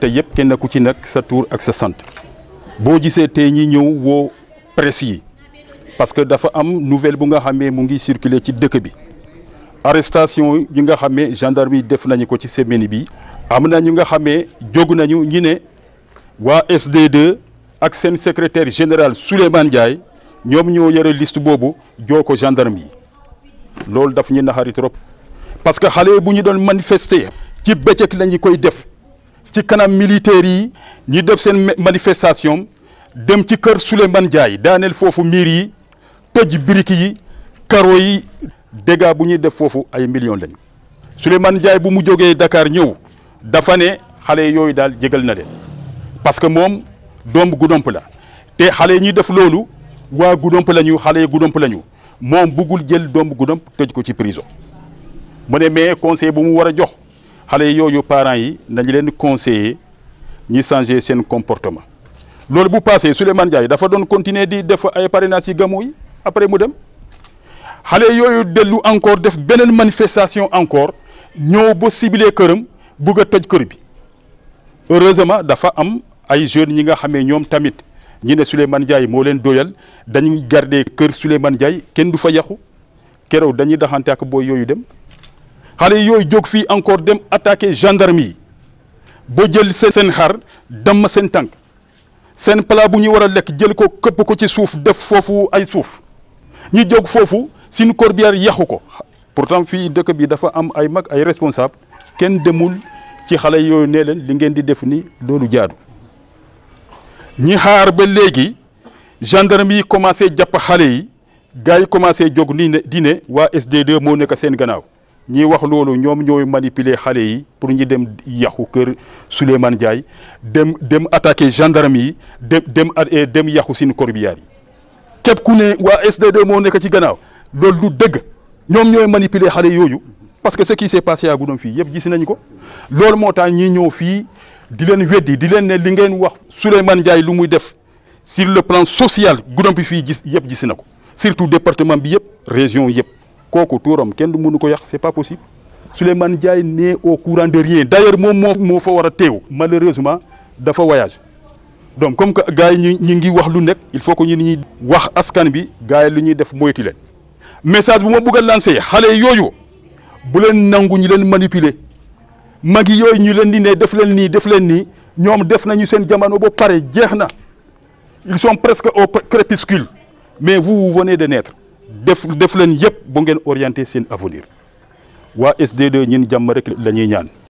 te yëpp kenn ku ci nag sa tour ak sa sant boo gisee tey ñi ñëw woo presse yi parce que dafa am nouvelle bu nga xamee mu ngi circuler ci dëkk bi arrestation yi nga xamee gendarmerie def nañu ko ci semaine bi am na ñu nga xamee jóg nañu ñi ne waa SDD ak seen secretaire général Souleymane Ndiaye ñoom ñoo yore list boobu joo ko gendarme yi loolu daf ñu naxari trop parce que xale bu ñu doon manifester ci bëccëg la koy def ci kanam militaires yi ñi def seen manifestation dem ci kër Souleymane Ndiaye daaneel foofu miir yi toj birik yi karo yi dégâts bu ñuy def foofu ay millions lañ Souleymane jaay bu mu jógee dakaar ñëw dafa ne xale yooyu daal jégal na leen parce que moom doom Goudomp la te xale yi ñuy def loolu waa Goudomp la ñu xale yi Goudomp la ñu moom buggul jël doom Goudomp tëj ko ci prison mu ne mais conseil bu mu war a jox. xale yi yooyu parents yi nañ leen conseiller ñi changer seen comportement loolu bu passé Souleymane Ndiaye dafa doon continuer di def ay parrainage yi gàmmu yi après mu dem xale yooyu dellu encore def beneen manifestation encore ñëw ba ciblé këram bugg a kër bi heureusement dafa am ay jeunes ñi nga xamee ñoom tamit ñi ne Souleymane Ndiaye moo leen doyal dañuy garder kër Souleymane Ndiaye kenn du fa yàqu keroog dañuy daxante ak booy yooyu dem. xale yooyu jóg fii encore dem attaquer gendarme yi ba jël seen xar damm seen tànk seen plat bu ñuy war a lekk jël ko këpp ko ci suuf def foofu ay suuf ñi jóg foofu suñu corbière yaxu ko pourtant fi dëkk bi dafa am ay mag ay responsable kenn demul ci xale yooyu nee leen li ngeen di def ni loolu jaadu ñi xaar ba léegi gendarme yi commencé jàpp xale yi gars yi commencé jóg ni ne di waa SDD moo nekk seen gannaaw ñiy wax loolu ñoom ñooy manipuler xale yi pour ñu dem yàqu kër Souleymane jaay dem dem attaquer gendarme yi dem dem eh, dem yàqu seen corbillard yi képp ku ne waa SDD moo nekk ci gannaaw loolu du dëgg ñoom ñooy manipuler xale yooyu parce que ce qui s'est passé à Goudomp fii yëpp gis nañ ko loolu moo tax ñii ñëw fii di leen weddi di leen ne li ngeen wax Souleymane Ndiaye lu muy def sur le plan social Goudomp fii gis yëpp gis na ko surtout département bi yëpp région yëpp. kooku tuuram kenn du mënu ko yàq c'est pas possible Souleymane jaay n'est au courant de rien d'ailleurs moom moo moo fa war a teew malheureusement dafa voyage donc comme que gars yi ñu ngi wax lu nekk il faut que ñu ñuy wax askan bi gars yi lu ñuy def moytu leen message bu ma bëgg a xale yooyu bu leen nangu ñu leen manipuler mag yoyu ñu leen di ne def leen nii def leen nii ñoom def nañu seen jamono ba pare jeex na ils sont presque au crépuscule mais vous vous venez de def def leen yëpp bu ngeen orienté seen avenir waa SDD ñun jàmm rek la ñaan.